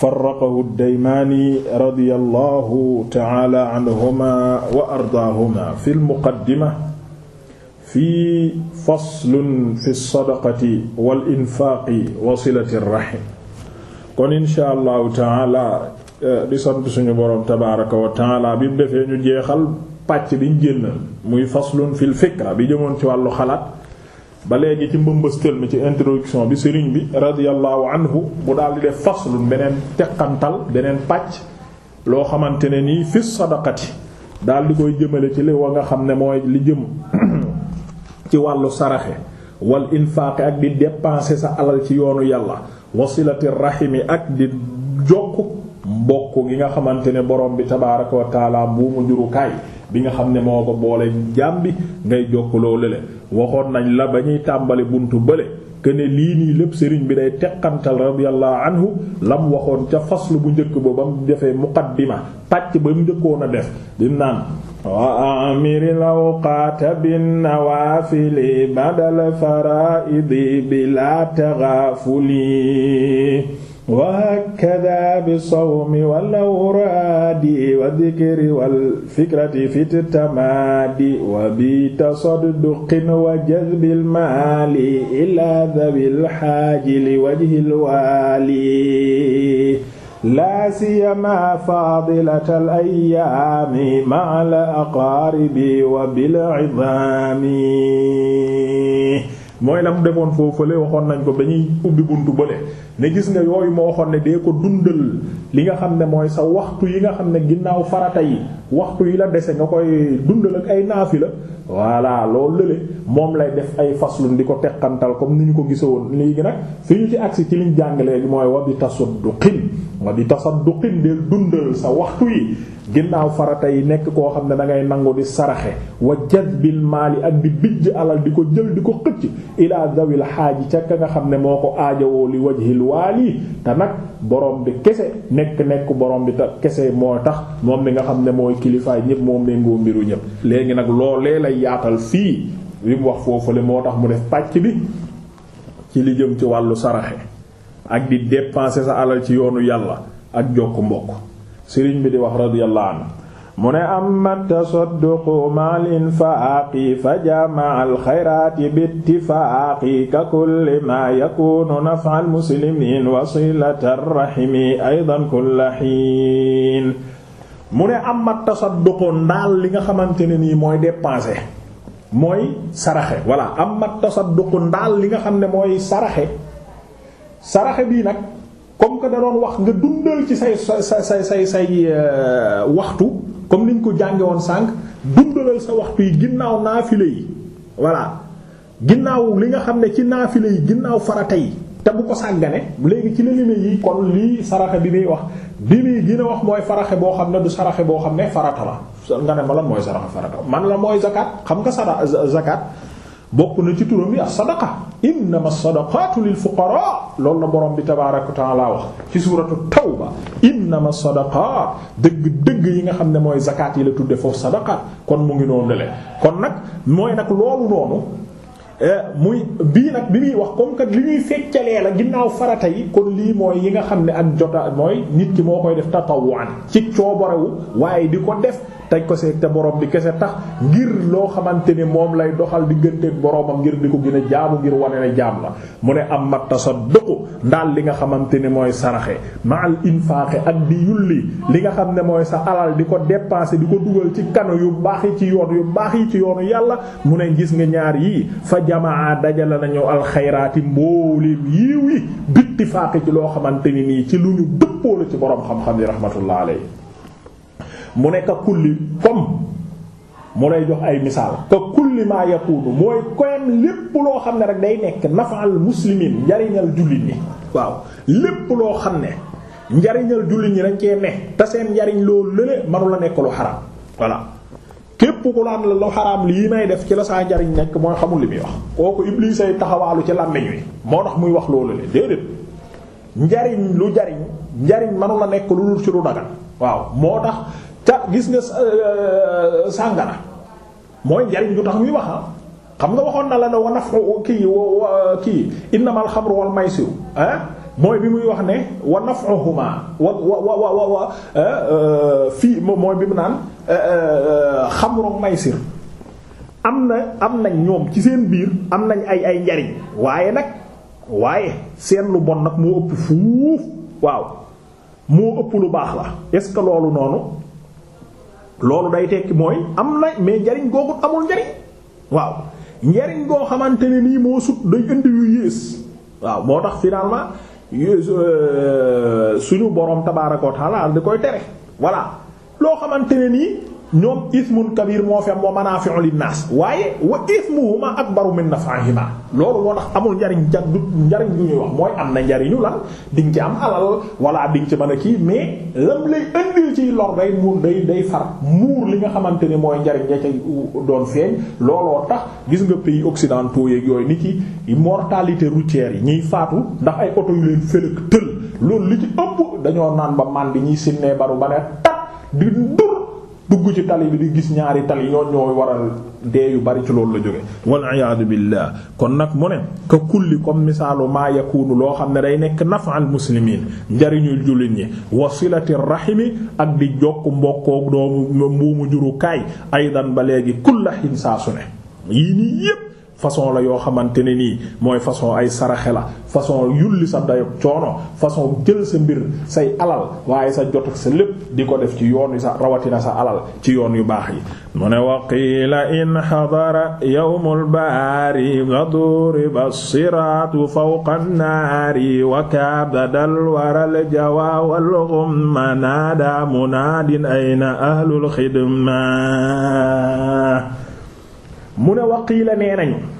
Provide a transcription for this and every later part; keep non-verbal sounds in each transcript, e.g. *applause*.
farraqahu ddaymaani radiyallahu ta'ala anhuma wa ardaahuma fil muqaddima fii faslun fi sadaqati wal infaaqi wa silati rahim kon insha allahu ta'ala eh, di sant suñu boroom tabaaraka wa ta'ala bi mu defee ñu jeexal pàcc biñ génn muy faslun fil fikra bi jëmoon ci wàllu xalaat. ba léegi ci mbëmbastal mi ci introduction bi sëriñ bi radiyallahu anhu bu daal di def faslun beneen teqantal beneen pàcc loo xamante ne nii fi sadaqati daal di koy jëmale ci li wa nga xam ne mooy li jëm *clears throat* ci wàllu saraxe wal infaaq ak di dépenser sa alal ci yoonu yàlla wasilati rahimi ak di jokk mbokk gi nga xamante ne borom bi tabaaraka wa taala buumu jurukaay bi nga xam ne moo ko boole jaam bi ngay jokkaloo lële waxoon nañ la ba ñuy tàmbali buntu bële këne lii nii lépp sëriñ bi day teqantal radiyallahu anhu lam waxoon ca faslu bu njëkk ba ba mu defee muqaddima pàcc ba mu njëkkoon a def di naan wa amiril awqaata bin nawaafili badal faraidi bi la wa hakada bi sawmi wal awraadi wa dikri wal fikrati fit tamaadi wa bi tasadduqin wa jazbil maali ila dhabil haaji li wajhil waali laa siyama faadilatal ayyaami ma'al aqaaribi wa bil idaami mooy la mu demoon foofule waxoon nañ ko ba ñuy ubbi buntu bële ne gis nga yooyu moo waxoon ne dee ko dundal li nga xam ne mooy sa waxtu yi nga xam ne ginnaaw farata yi waxtu yi la dese nga koy dundal ak ay naafila voilà loolu lële moom lay def ay faslun di ko teqantal comme ni ñu ko gisawoon léegi nag fi ñu ci agsi ci liñ jàng léegi mooy wa bi tasodduqin wa di tasadduqin del dundal sa waxtu yi ginnaaw farata yi nekk koo xam ne dangay ngay nangu di saraxe wa jadbil maali ak di bijj alal di ko jël di ko xëcc ilaa dawil xaaji ca ka nga xam ne moo ko aajowoo li wajhil waali te nag borom bi kese nekk-nekk borom bi ta kese moo tax moom mi nga xam ne mooy kilifaay ñëpp moom méngoo mbiru ñëpp léegi nag loolee lay yaatal fii li mu wax foofule moo tax mu def pàcc bi ci li jëm ci wàllu saraxe ak di dépenser sa alal ci yoonu yàlla ak jokk mbokk sëriñ bi di wax radiyallahu anhu mu ne amma tasadduqu ma'al infaaqi fa jamaa alxayraati bittifaaqi ka kulli ma yakunu naf'al muslimiin wasilatar rahimi aydan kulla hiin mu ne am ma tasadduqu ndaal li nga xamante ne nii mooy dépenser mooy saraxe walla amma tasadduqu ndaal li nga xam ne mooy saraxe saraxe bii nag comme que da wax nga dundal ci say sa say say say euh, waxtu comme niñ ko jànge woon sànq dundalal sa waxtu yi ginnaaw naafile yi voilà ginnaaw li nga xam ne ci naafile yi ginnaaw farata yi te bu ko sàggane léegi ci la lime yi kon lii saraxe bi muy wax bi muy gën a wax mooy faraxe boo xam ne du saraxe boo xam ne farata la nga ne ma lan mooy saraxe farata man la mooy zakat xam nga sara zakat bokk na ci turam yi as sadaqa innama loolu la borom bi tabaaraka wa taala wax ci suuratu tawba innama sadaqaat dëgg dëgg yi nga xam ne mooy zakat yi la tudde foofu sadaqaat kon mu ngi noonu le kon nag mooy nag loolu noonu Eh, muy bii nag bi muy wax comme que li ñuy feccalee la ginnaaw farata yi kon lii mooy yi nga xam ne ak jota mooy nit ki moo koy def tatawwaan ci coobarewu waaye di ko def taj ko see te boroom bi kese tax ngir loo xamante ni moom lay doxal digganteeg boromam ngir di ko gën a jaamu ngir wane ne jaam la mu ne am ma tasadduqu ndaal li nga xamante ni mooy saraxe maal infaaqe ak di yulli li nga xam ne mooy sa alal di ko dépenser di ko dugal ci kanu yu baax ci yoon yu baax yi ci jamaa dajale nañu alxayraati mbooleem yiiw yi bittifaaqi ci loo xamante ni nii ci lu ñu dëppoo la ci boroom xam-xam yi rahmatullah alayhi mu ne kulli comme mu lay jox ay misaal ka kulli ma yakunu mooy koyam lépp loo xam ne rek day nekk nafaal muslimin njariñal jullit ñi waaw lépp loo xam ne njariñal jullit ñi dañ cee ne te njariñ loolu lële manu la nekk lu xaram voilà képp ku laan la lu xaraam lii may def ci la saa njariñ nekk mooy xamul li muy wax kooku Iblis ay taxawaalu ci làmmiñ wi moo tax muy wax loolu le déedéet njariñ lu jariñ njariñ manu la nekk lu dul ci lu dagan waaw moo tax ca gis nga euh, sàngara mooy njariñ lu tax muy wax ah. xam nga waxoon na la ne wa nafu kii kii innamal xamru wal maysiru ah mooy bi muy wax ne wa naf'uhuma wa wa wa wa eh, eh, fii mooy bi mu naan eh, xamru maysir am na am na ñoom ci seen biir am nañ ay ay njariñ waaye nag waaye seen lu bon nag moo ëpp fuuf waaw moo ëpp lu baax la est-ce que loolu noonu loolu day tekki mooy am na mais njariñ googu amul njariñ waaw njariñ goo xamante ne nii moo sut day indi yées waaw moo tax finalement Euh, suñu borom tabaaraka wa ta'ala di koy tere voilà loo xamante ne nii ñoom ismun kabir moo fi am wa manaafi'u linnaas waaye wa ismuhuma akbaru min naf'ihima loolu moo tax amul njariñ ja njariñ du ñuy wax mooy am na njariñu lan di nga ci am alal wala di nga ci man a kii mais lam ci lor day muur day far muur li nga xamante ne mooy njariñ ja ca doon feeñ looloo tax gis nga pays occidentaux yeeg yooyu ni ci mortalité routière yi ñuy faatu ndax ay oto yu leen fëlëk tël loolu li ci ëpp dañoo naan ba man bi ñuy sinnee baru ba ne tat di dugg ci tali bi di gis ñaari tali ñoo ñooy waral dee yu bari ci loolu la jóge wal iyaadu billah kon nag mu ne ka kulli comme misaalu maa yakunu loo xam ne day nekk naf'al muslimiin njariñul jullit ñi wasilati rahimi ak di jokk mbokkook doomu mbuumu jurukaay aydan ba léegi kulla hin saa su yii nii yépp façon la yoo xamante ne mooy façon ay saraxe la façon yulli sa dayog coono façon jël sa mbir say alal waaye sa jot ak sa lépp di ko def ci yoon yu sa rawatina sa alal ci yoon yu baax yi mu ne waqiila in xadara yawmul baari maduriba siraatu fawqa naari wa kaabadal waral jawaawal ghumma naada munaadin ayna ahlul xidma mu ne waqiila nee nañu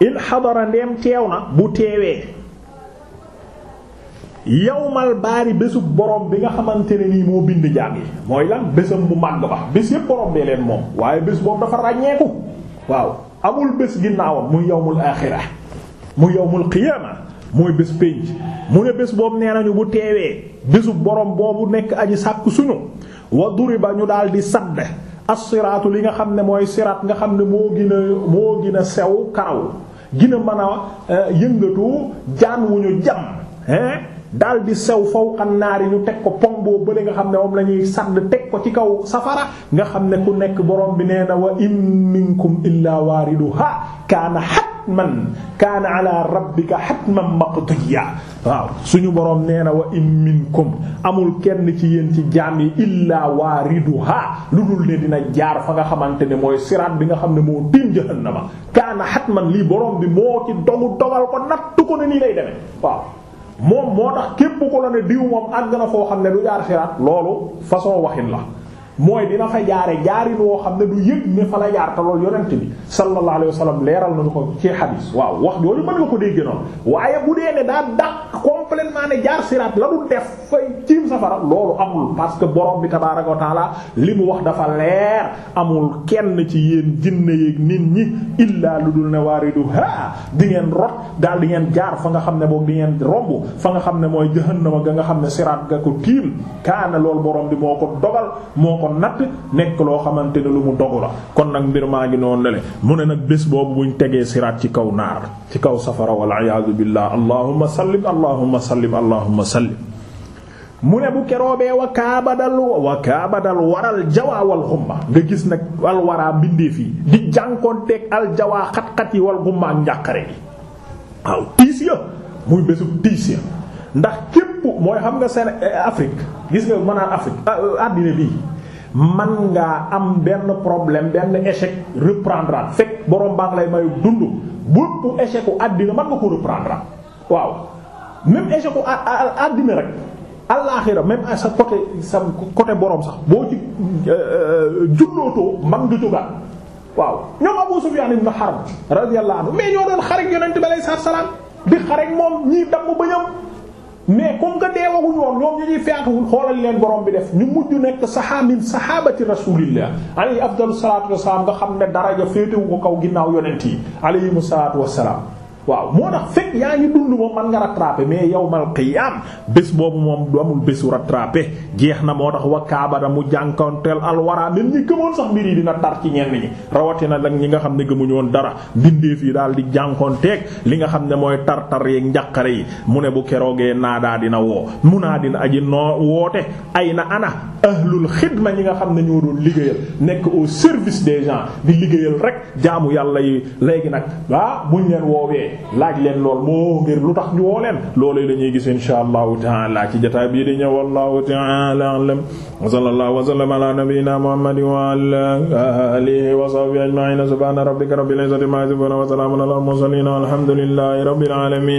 in xadara teew na bu teewee yawmal baari bésub borom bi nga xamante ne nii moo bind jaam mooy lan bésam bu màgg ba bés yépp borom bee leen moom waaye bés boobu dafa ràññeeku waaw amul bés ginnaawam muy yawmul aaxira mu yawmul qiyaama mooy bés pénc mu ne bés boobu nee nañu bu teewee bésub borom boobu nekk aji sàkk suñu wa ba ñu daal di sadd as li nga xam ne mooy siraat nga xam ne moo gën moo gina sew karaw gina mën a euh, yëngatu jaan wu ñu jam hein daal di sew fawqan naari ñu teg ko pom boo bële nga xam ne moom la sàdd teg ko ci kaw safara nga xam ne ku nekk borom bi nee na wa in minkum illaa waariduha kaana hatman kaana ala rabbika hatman maqdiya waaw suñu boroom nee na wa in minkum amul kenn ci yéen ci jaam yi illaa waariduha lu dul ne dina jaar fa nga xamante ne mooy siraat bi nga xam ne moo tiim jahannama kaana hatman lii boroom bi moo ci dogu dogal ko nattu ko ne nii lay demee waaw moom moo tax képp ko la ne diw moom àgg na foo xam ne du jaar siraat loolu façon waxin la mooy dina fa jaare jaarin woo xam ne du yëg ne fa la jaar te loolu yonent bi sallallahu alayhi wa sallam leeral nañu ko ci xadiis waaw wax jooju mën nga ko dégg noonu waaye bu dee ne daa dàq complètement ne jaar siraat la dul def fay ciim safara loolu amul parce que borom bi tabaaraka wa taala li mu wax dafa leer amul kenn ci yéen jinne yeeg nit ñi illaa lu dul ne waaridu ha di ngeen rot daal di ngeen jaar fa nga xam ne boog di ngeen romb fa nga xam ne mooy jahannama ga nga xam ne siraat ga ko tiim kaana lool boroom bi moo ko dogal moo ko natt nekk loo xamante ne lu mu dogu la kon nag mbir maa ngi noonu la mu ne nag bés boobu buñ tegee siraat ci kaw naar ci kaw safara allahumma sallim allahumma sallim mu ne bu keroobee wa kaabadal wa kaabadal waral jawaa wal xumma nga gis nag al waraa mbindeef yi di jànkoonteeg al jawaa xat-xat yi wal xumma ak njàqare yi waaw tiis ya muy bésub tiis ya ndax képp mooy xam nga seen eh, Afrique gis nga mën naan Afrique ah, euh, àddina bii man ngaa am benn problème benn échec reprendre fekk borom baa lay mayu dund bépp échec u àddina man nga ko reprendre waaw même échec al àddina rek alaaxira même sa côté sa côté borom sax boo ci euh, euh, jullootoo man du jógaat waaw ñoom Abu Sufyaan ibn Harb radiyallahu anhu mais ñoo doon xareek yonent bi alayhi salaam di xareek moom ñii damm ba ñëw mais comme que deewaguñu woon ñoom ñu ñuy feexewul xoolal leen borom bi def ñu mujj nekk saxaamin saxaabati rasulillah alayhi afdalu salaatu wassalaam nga xam ne daraja féetewu ko kaw ginnaaw yonent yi alayhimu salaatu wassalaam waaw moo tax fekk yaa ngi dund moom man nga rattrapé mais yawmal qiyaam bés boobu moom du amul bésu rattrapé jeex na moo tax wa kaabada mu jànkonteel alwara même ñi gëmoon sax mbir dina tar ci ñenn ñi rawatina nag ñi nga xam ne gëmuñu woon dara bindeef yi daal di jànkonteeg li nga xam ne mooy tar-tar yeeg njàqare yi mu ne bu keroogee naadaa dina woo dina aji noo woote ay na ana ahlul xidma ñi nga xam ne ñoo doon liggéeyal nekk au service des gens di liggéeyal rek jaamu yàlla yi léegi nag ah buñ laaj leen lool moo ngir lu tax leen loolu la ñuy gis insha allahu taala ci jotaay bii di ñëw wallahu taala alam wa sallallahu wa sallama ala nabiyyina muhammadin wa ala alihi wa sahbihi ajma'in subhana rabbika rabbil izzati amma yasifun wa salamun